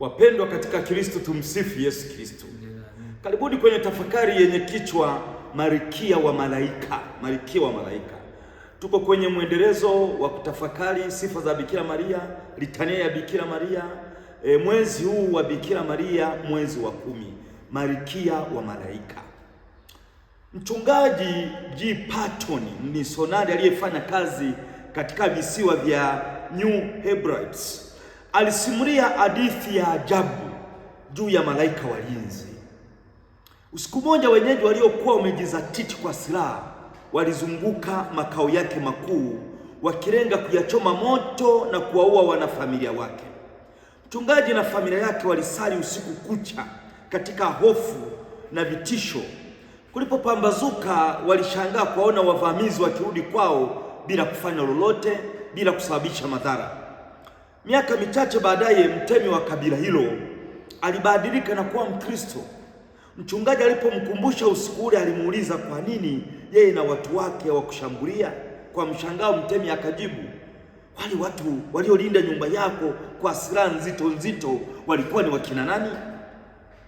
Wapendwa katika Kristo, tumsifu Yesu Kristo. Karibuni kwenye tafakari yenye kichwa Malkia wa Malaika, Malkia wa Malaika. Tuko kwenye mwendelezo wa kutafakari sifa za Bikira Maria, litania ya Bikira Maria. E, mwezi huu wa Bikira Maria, mwezi wa kumi, Malkia wa Malaika. Mchungaji G. Patton, misionari aliyefanya kazi katika visiwa vya New Hebrides alisimulia hadithi ya ajabu juu ya malaika walinzi. Usiku mmoja, wenyeji waliokuwa wamejizatiti kwa silaha walizunguka makao yake makuu wakilenga kuyachoma moto na kuwaua wanafamilia wake. Mchungaji na familia yake walisali usiku kucha katika hofu na vitisho. Kulipopambazuka, walishangaa kuwaona wavamizi wakirudi kwao bila kufanya lolote, bila kusababisha madhara. Miaka michache baadaye, mtemi wa kabila hilo alibadilika na kuwa Mkristo. Mchungaji alipomkumbusha usiku ule, alimuuliza kwa nini yeye na watu wake hawakushambulia. Kwa mshangao, mtemi akajibu, wale watu waliolinda nyumba yako kwa silaha nzito nzito walikuwa ni wakina nani?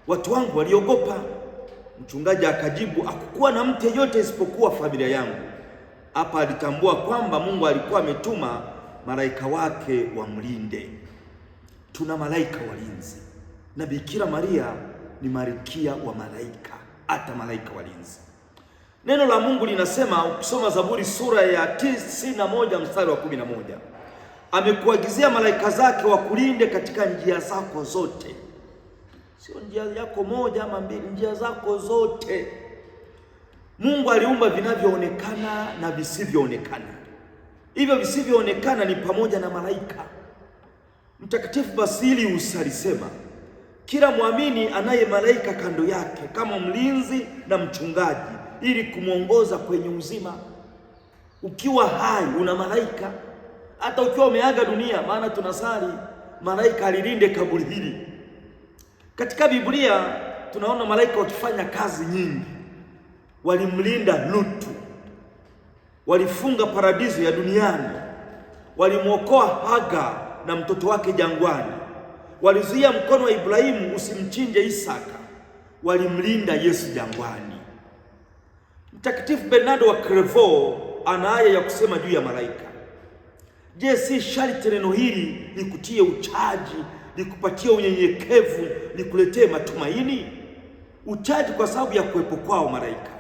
Watu wangu waliogopa. Mchungaji akajibu, hakukuwa na mtu yeyote isipokuwa familia yangu. Hapa alitambua kwamba Mungu alikuwa ametuma malaika wake wamlinde. Tuna malaika walinzi, na Bikira Maria ni malkia wa malaika, hata malaika walinzi. Neno la Mungu linasema ukisoma Zaburi sura ya tisini na moja mstari wa kumi na moja amekuagizia malaika zake wakulinde katika njia zako zote, sio njia yako moja ama mbili, njia zako zote. Mungu aliumba vinavyoonekana na visivyoonekana Hivyo visivyoonekana ni pamoja na malaika. Mtakatifu Basilius alisema kila mwamini anaye malaika kando yake kama mlinzi na mchungaji, ili kumwongoza kwenye uzima. Ukiwa hai una malaika, hata ukiwa umeaga dunia. Maana tunasali malaika alilinde kaburi hili. Katika Biblia tunaona malaika wakifanya kazi nyingi, walimlinda Lutu walifunga paradiso ya duniani, walimwokoa Hagar na mtoto wake jangwani, walizuia mkono wa Ibrahimu usimchinje Isaka, walimlinda Yesu jangwani. Mtakatifu Bernardo wa Clairvaux ana haya ya kusema juu ya malaika: Je, si sharti neno hili likutie uchaji, likupatie unyenyekevu, likuletee matumaini? Uchaji kwa sababu ya kuwepo kwao malaika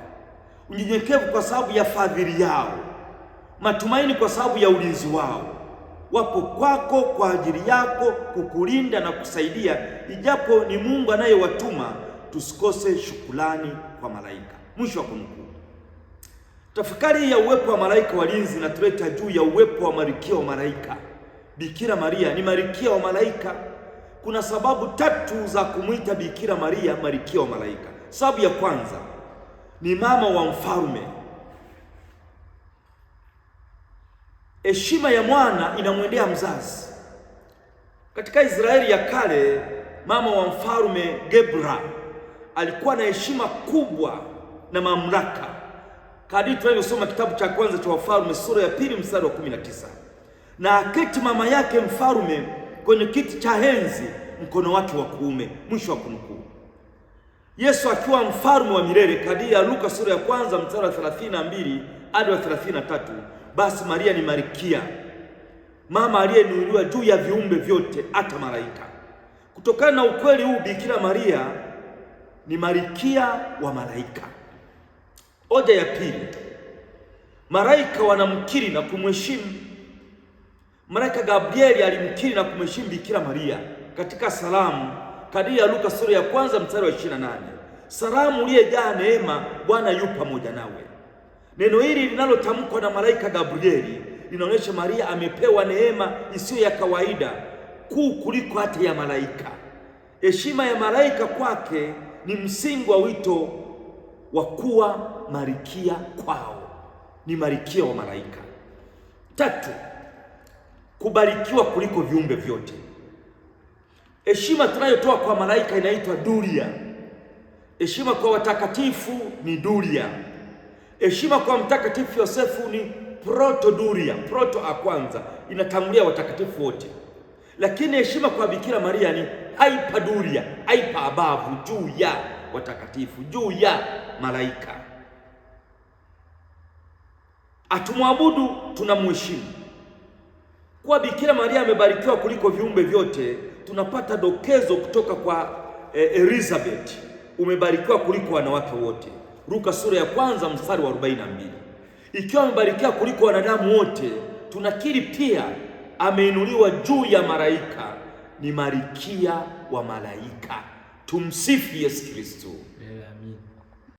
unyenyekevu kwa sababu ya fadhili yao, matumaini kwa sababu ya ulinzi wao. Wapo kwako kwa ajili yako, kukulinda na kusaidia. Ijapo ni Mungu anayewatuma, tusikose shukulani kwa malaika. Mwisho wa kunukuu. Tafakari ya uwepo wa malaika walinzi inatuleta juu ya uwepo wa malkia wa malaika. Bikira Maria ni malkia wa malaika. Kuna sababu tatu za kumwita Bikira Maria malkia wa malaika. Sababu ya kwanza ni mama wa mfalme. Heshima ya mwana inamwendea mzazi. Katika Israeli ya kale, mama wa mfalme Gebra alikuwa na heshima kubwa na mamlaka, kadiri tunavyosoma kitabu cha kwanza cha Wafalme sura ya pili mstari wa kumi na tisa na aketi mama yake mfalme kwenye kiti cha enzi mkono wake wa kuume. Mwisho wa kunukuu. Yesu akiwa mfalme wa milele kadiri ya Luka sura ya kwanza mstari wa 32 hadi wa 33. Basi Maria ni Malkia, mama aliyeinuliwa juu ya viumbe vyote, hata malaika. Kutokana na ukweli huu, Bikira Maria ni Malkia wa malaika. Hoja ya pili, malaika wanamkiri na kumheshimu. Malaika Gabrieli alimkiri na kumheshimu Bikira Maria katika salamu Kadiri ya Luka sura ya kwanza mstari wa 28. Salamu uliyejaa neema, Bwana yu pamoja nawe. Neno hili linalotamkwa na malaika Gabrieli linaonyesha Maria amepewa neema isiyo ya kawaida, kuu kuliko hata ya malaika. Heshima ya malaika kwake ni msingi wa wito wa kuwa marikia kwao, ni marikia wa malaika. Tatu, kubarikiwa kuliko viumbe vyote. Heshima tunayotoa kwa malaika inaitwa dulia. Heshima kwa watakatifu ni dulia. Heshima kwa mtakatifu Yosefu ni proto dulia, proto a kwanza, inatangulia watakatifu wote. Lakini heshima kwa Bikira Maria ni aipa dulia, aipa abavu, juu ya watakatifu, juu ya malaika. Atumwabudu, tunamheshimu. Kwa Bikira Maria amebarikiwa kuliko viumbe vyote tunapata dokezo kutoka kwa e, Elizabeth, umebarikiwa kuliko wanawake wote, Luka sura ya kwanza mstari wa 42. Ikiwa amebarikiwa kuliko wanadamu wote, tunakiri pia ameinuliwa juu ya malaika, ni malikia wa malaika. Tumsifu Yesu Kristo.